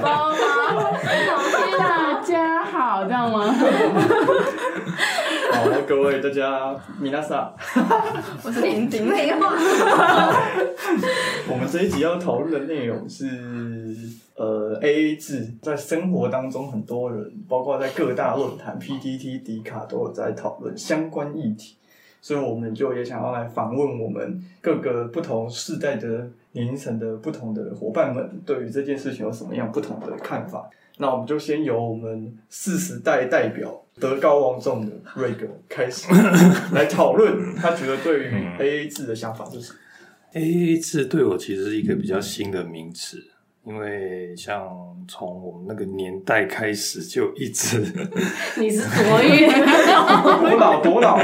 寶寶，大家好，這樣嗎？好，各位大家，米娜莎，我是林丁玲。我們這一集要討論的內容是，呃，AA 制在生活當中，很多人，包括在各大論壇、P T T、迪卡都有在討論相關議題。所以我們就也想要來訪問我們各個不同世代的年齡層的不同的夥伴們，對於這件事情有什麼樣不同的看法？那我們就先由我們四十代代表德高望重的瑞格開始來討論，他覺得對於 AA 制的想法是什麼。AA 制對我其實是一個比較新的名詞。因為像從我們那個年代開始就一直， 你是國 多遠？多老多老？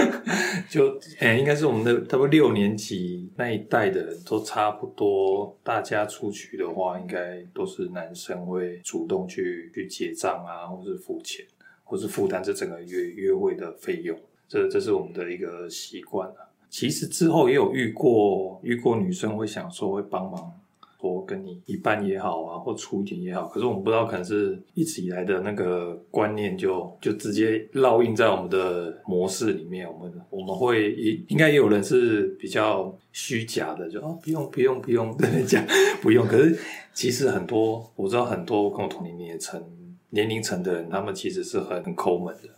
就誒、欸、應該是我們的差不多六年級那一代的人都差不多。大家出去的話，應該都是男生會主動去去結賬啊，或是付錢，或是負擔這整個約約會的費用。這這是我們的一個習慣了。其實之後也有遇過遇過女生會想說會幫忙。我跟你一半也好啊，或出一點也好。可是我們不知道，可能是一直以來的那個觀念就，就就直接烙印在我們的模式裡面。我們我們會也應應該也有人是比較虛假的，就哦不用不用不用，跟你講，不用。不用不用不用 可是其實很多我知道，很多跟我同年齡層年齡層的人，他們其實是很摳門的，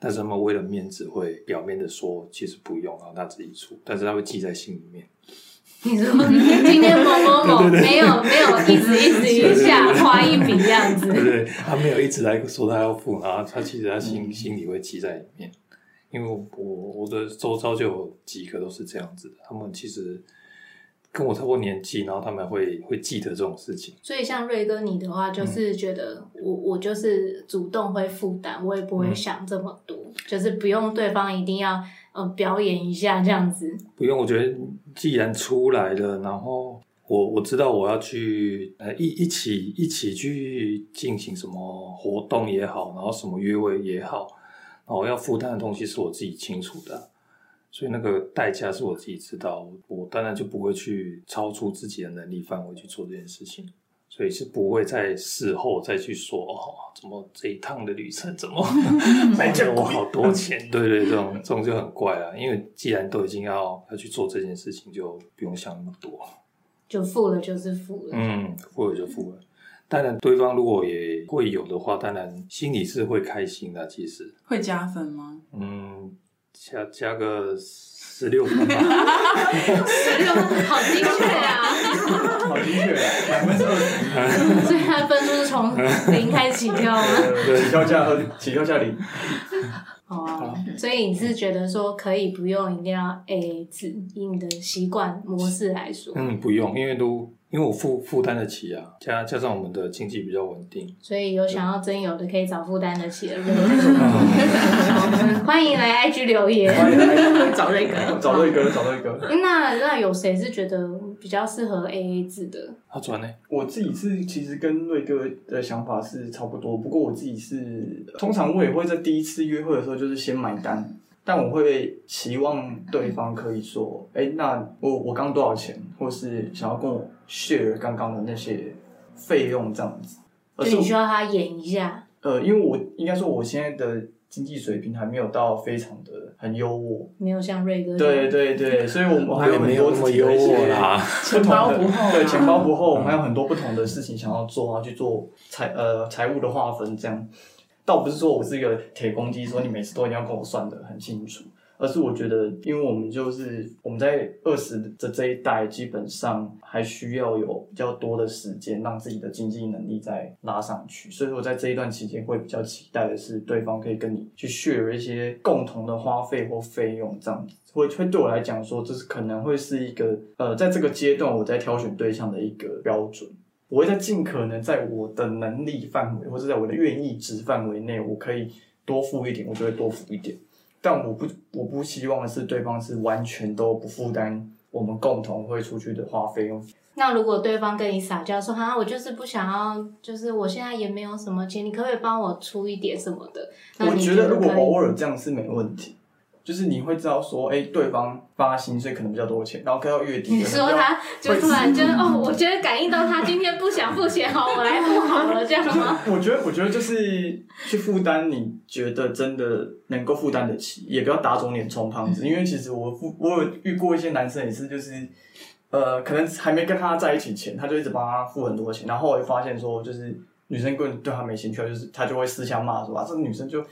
但是他們為了面子會表面的說其實不用，然後他自己出，但是他會記在心裡面。你說，今天某某某 對對對沒有沒有一直一直，一，直對對對一下花一筆這樣子，對，對，對他沒有一直來說他要付，然後他其實他心、嗯、心裡會記在裡面。因為我我的周遭就有幾個都是這樣子，他們其實跟我差不多年紀，然後他們會會記得這種事情。所以像瑞哥你的話，就是覺得我、嗯、我就是主動會負擔，我也不會想這麼多，嗯、就是不用對方一定要，嗯、呃，表演一下這樣子，不用。我覺得既然出來了，然後我我知道我要去呃一一起一起去進行什麼活動也好，然後什麼約會也好，然後我要負擔的東西是我自己清楚的，所以那個代價是我自己知道，我當然就不會去超出自己的能力範圍去做這件事情。所以是不會在事後再去說哦，怎麼這一趟的旅程怎麼 沒掙我樣 好多錢？ 對，對對，這種這種就很怪啊。因為既然都已經要要去做這件事情，就不用想那麼多，就付了就是付了，嗯，付了就付了。嗯、當然，對方如果也會有的話，當然心裡是會開心的、啊。其實會加分嗎？嗯，加加個。十六分吧，十 六分，好精確呀、啊！ 好精確、啊，百分之。 所以它的分數是從零開始起跳嗎？ 起跳價和起跳價零。好啊好，所以你是覺得說可以不用，一定要 AA 制，以你的習慣模式來說？嗯，不用，因為都。因為我負負擔得起啊，加加上我們的經濟比較穩定，所以有想要徵友的可以找負擔得起的 歡迎來 IG 留言 找，找瑞哥。找瑞哥找瑞哥那那有誰是覺得比較適合 AA 制的？好轉呢，我自己是其實跟瑞哥的想法是差不多，不過我自己是通常我也會在第一次約會的時候就是先買單。但我會期望對方可以說：“哎、嗯，那我我剛多少錢？”或是想要跟我 share 剛剛的那些費用這樣子。就你需要他演一下。呃，因為我應該說，我現在的經濟水平還沒有到非常的很優渥，沒有像瑞哥一樣。對對對，所以我我還有很多的不的。那麼優渥啊， 錢包不厚，錢包不厚，我們還有很多不同的事情想要做，要去做財呃財務的劃分這樣。倒不是說我是一個鐵公雞，說你每次都一定要跟我算得很清楚，而是我覺得，因為我們就是我們在二十的這一代，基本上還需要有比較多的時間，讓自己的經濟能力再拉上去。所以我在這一段期間會比較期待的是，對方可以跟你去 share 一些共同的花費或費用，這樣子。會會對我來講說，這是可能會是一個呃，在這個階段我在挑選對象的一個標準。我會在盡可能在我的能力範圍，或者在我的願意值範圍內，我可以多付一點，我就會多付一點。但我不，我不希望是對方是完全都不負擔我們共同會出去的花費用。那如果對方跟你撒嬌說哈、啊，我就是不想要，就是我現在也沒有什麼錢，你可不可以幫我出一點什麼的？那覺我覺得如果偶爾這樣是沒問題。就是你會知道說，哎、欸，對方發薪水可能比較多錢，然後該到月底，你說他就突然就是、 哦，我覺得感應到他今天不想付錢。好，我來付好了，這樣嗎？就是、我覺得，我覺得就是去負擔，你覺得真的能夠負擔得起，嗯、也不要打腫臉充胖子、嗯。因為其實我我有遇過一些男生，也是就是，呃，可能還沒跟他在一起前，他就一直幫他付很多錢，然後後來發現說，就是女生可對他沒興趣，就是他就會私下罵，說啊，這個女生就。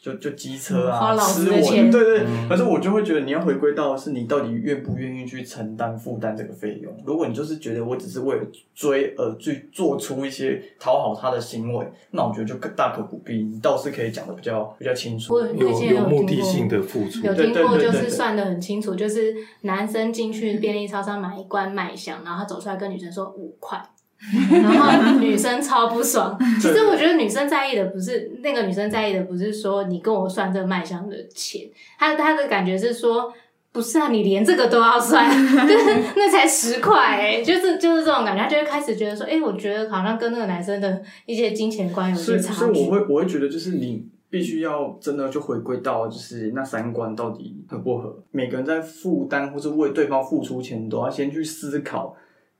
就就機車啊，花老子的錢，吃我，對對、對，嗯，可是我就會覺得，你要回歸到是你到底願不願意去承擔負擔這個費用。如果你就是覺得我只是為了追而去做出一些討好他的行為，嗯、那我覺得就大可不必。你倒是可以講的比較比較清楚，有有、有目的性的付出。有聽過、有聽過就是算的很清楚，就是男生進去便利超商買一罐麥香，然後他走出來跟女生說五塊。 然後女生超不爽。其實我覺得女生在意的不是對，對，那個女生在意的不是說你跟我算這麥香的錢，她，她的感覺是說，不是啊？你連這個都要算， 那才十塊哎、欸，就是就是這種感覺，她就會開始覺得說，哎、欸，我覺得好像跟那個男生的一些金錢觀有些差距。所以我會我會覺得就是你必須要真的就回歸到就是那三觀到底合不合？每個人在負擔或是為對方付出錢，都要先去思考。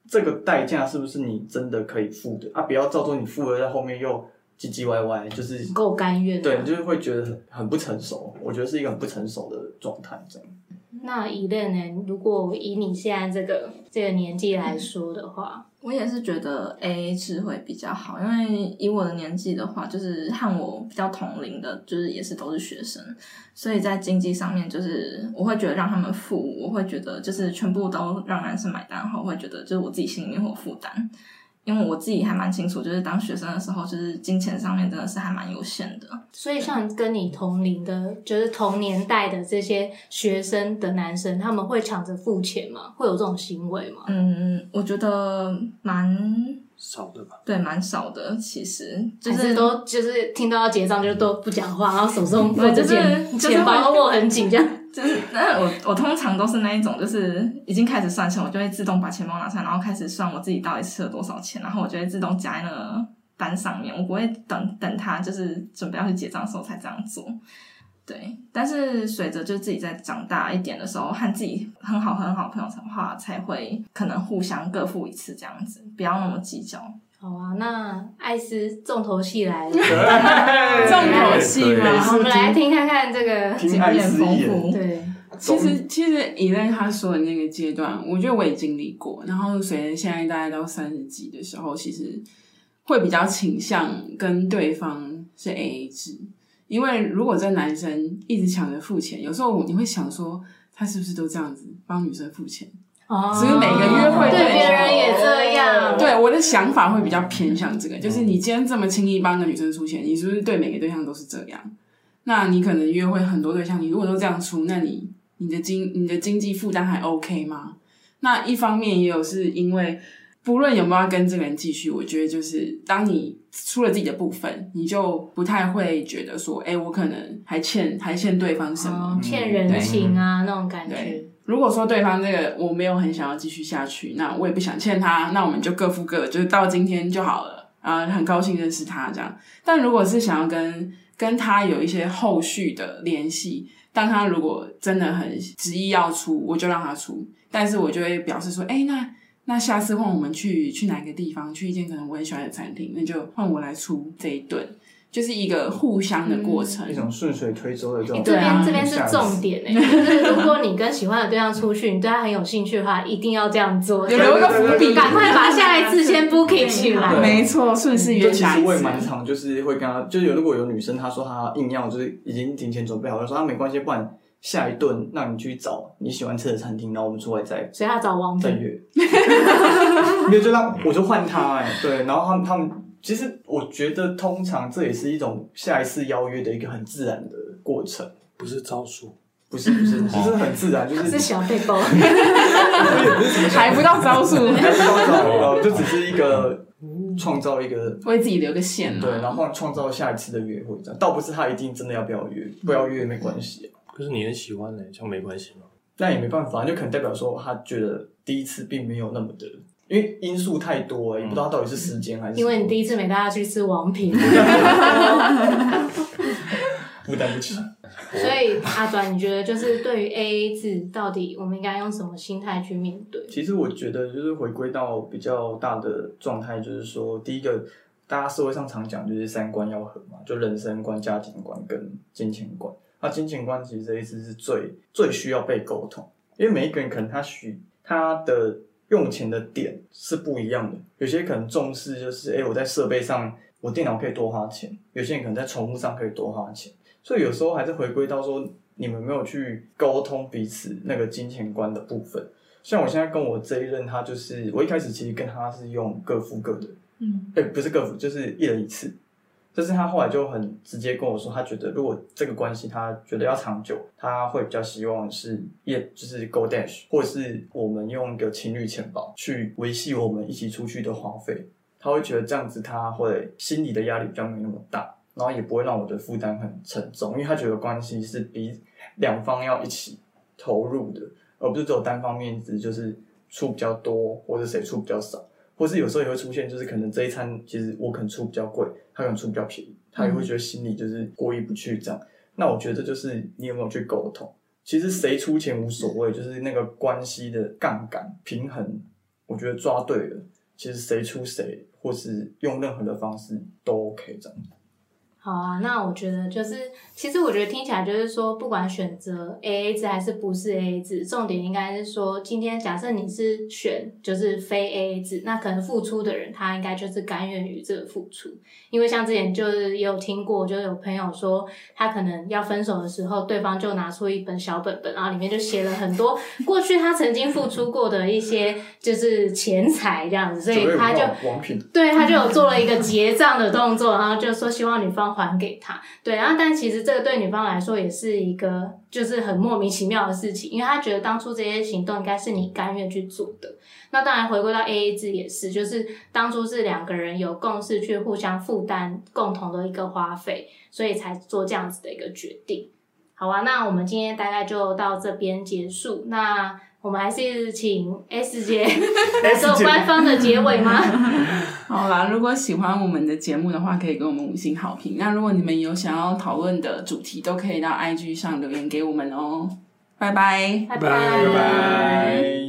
這個代價是不是你真的可以付的啊？不要造作，你付了在後面又唧唧歪歪，就是夠甘願。啊，對，你就是會覺得很不成熟。我覺得是一個很不成熟的狀態，這樣。那以任呢？如果以你現在這個這個年紀來說的話。嗯我也是覺得 AA 制會比較好，因為以我的年紀的話，就是和我比較同齡的，就是也是都是學生，所以在經濟上面，就是我會覺得讓他們付，我會覺得就是全部都讓男生買單後，我會覺得就是我自己心裡面會有負擔。因為我自己還蠻清楚，就是當學生的時候，就是金錢上面真的是還蠻有限的。所以，像跟你同齡的，就是同年代的這些學生的男生，他們會搶着付錢嗎？會有這種行為嗎？嗯，我覺得蠻少的吧。對，蠻少的，其實就是，是都就是聽到要結賬就都不講話，然後手中握着錢，錢包握很緊這樣。就是 就是，那我我通常都是那一種，就是已經開始算錢，我就會自動把錢包拿出來，然後開始算我自己到底吃了多少錢，然後我就會自動夾在那個單上面，我不會等等他就是準備要去結賬的時候才這樣做。對，但是隨着就自己再長大一點的時候，和自己很好很好朋友的話，才會可能互相各付一次這樣子，不要那麼計較。好啊，那艾斯重頭戲來了， 重頭戲嘛，我們來聽看看這個經驗豐富。對，其實其實 Elaine 他說的那個階段、嗯，我覺得我也經歷過。然後隨着現在大概到三十幾的時候，其實會比較傾向跟對方是 AA 制，因為如果這男生一直搶着付錢，有時候你會想說他是不是都這樣子幫女生付錢。只、哦、是，是每個約會對別人也這樣。對，我的想法會比較偏向這個，就是你今天這麼輕易幫個女生出錢，你是不是對每個對象都是這樣？那你可能約會很多對象，你如果都這樣出，那你你的，你的經你的經濟負擔還 OK 嗎？那一方面也有是因為，不論有沒有要跟這個人繼續，我覺得就是當你出了自己的部分，你就不太會覺得說，哎、欸，我可能還欠還欠對方什麼，哦、欠人情啊那種感覺。如果說對方這個我沒有很想要繼續下去，那我也不想欠他，那我們就各付各，就是到今天就好了。啊，很高興認識他這樣。但如果是想要跟跟他有一些後續的聯繫，但他如果真的很執意要出，我就讓他出，但是我就會表示說，哎、欸，那那下次換我們去去哪個地方，去一間可能我很喜歡的餐廳，那就換我來出這一頓。就是一個互相的過程，嗯、一種順水推舟的這種、欸啊。這邊這邊是重點，誒、欸就是、就是如果你跟喜歡的對象出去， 你對他很有興趣的話，一定要這樣做。有留個伏筆，趕快把他下一次先 booking 起來。 沒錯，順勢。就其實我也蠻常，就是會跟他，就是如果有女生，她說她硬要，就是已經提前準備好，我、就是、說那沒關係，不然下一頓讓你去找你喜歡吃的餐廳，然後我們出來再。誰要找汪正月？沒有就讓我就換他，誒對，然後他們他們。其實我覺得，通常這也是一種下一次邀約的一個很自然的過程，不是招數，不是不是，嗯，就是很自然，就是是小備忘，哈 不 還不到招數，還不到招數 就只是一個創造一個為自己留個線，啊，對，然後創造下一次的約會，這樣倒不是他一定真的要不要約，不要約沒關係，嗯，可是你很喜歡嘞，這樣沒關係嗎？那也沒辦法，就可能代表說他覺得第一次並沒有那麼的。因為因素太多、欸，哎，也不知道到底是時間還是因為你第一次沒帶他去吃王品，負 擔 不，不起。所以 阿轉，你覺得就是對於 A A 制，到底我們應該用什麼心態去面對？其實我覺得就是回歸到比較大的狀態，就是說，第一個大家社會上常講就是三觀要合嘛，就人生觀、家庭觀跟金錢觀。那、啊、金錢觀其實這一次是最最需要被溝通，因為每一個人可能他需他的。用錢的點是不一樣的，有些可能重視就是，哎、欸，我在設備上，我電腦可以多花錢，有些人可能在寵物上可以多花錢。所以有時候還是回歸到說，你們沒有去溝通彼此那個金錢觀的部分。像我現在跟我這一任，他就是，我一開始其實跟他是用各付各的，嗯，哎、欸，不是各付，就是一人一次。但是他後來就很直接跟我說，他覺得如果這個關係他覺得要長久，他會比較希望是，也就是 Go Dutch，或者是我們用一個情侶錢包去維繫我們一起出去的花費。他會覺得這樣子他會心理的壓力比較沒那麼大，然後也不會讓我的負擔很沉重，因為他覺得關係是比兩方要一起投入的，而不是只有單方面子就是出比較多，或者誰出比較少。或是有時候也會出現，就是可能這一餐其實我可能出比較貴，他可能出比較便宜，他也會覺得心裡就是過意不去這樣。那我覺得就是你有沒有去溝通，其實誰出錢無所謂，就是那個關係的槓桿平衡，我覺得抓對了，其實誰出誰，或是用任何的方式都 OK 這樣。好啊，那我覺得就是，其實我覺得聽起來就是說，不管選擇 AA 制還是不是 AA 制，重點應該是說，今天假設你是選就是非 AA 制，那可能付出的人他應該就是甘願於這個付出，因為像之前就是也有聽過，就是、有朋友說他可能要分手的時候，對方就拿出一本小本本，然後裡面就寫了很多過去他曾經付出過的一些就是錢財這樣子，所以他就對他就有做了一個結賬的動作，然後就說希望女方。還給他，對，然後但其實這個對女方來說也是一個就是很莫名其妙的事情，因為她覺得當初這些行動應該是你甘願去做的。那當然回歸到 AA 制也是，就是當初是兩個人有共識去互相負擔共同的一個花費，所以才做這樣子的一個決定。好啊，那我們今天大概就到這邊結束。那我們還是一直請 S 姐來做官方的結尾嗎？ 好啦，如果喜歡我們的節目的話，可以給我們五星好評。那如果你們有想要討論的主題，都可以到 IG 上留言給我們哦、喔。拜拜，拜拜，拜拜。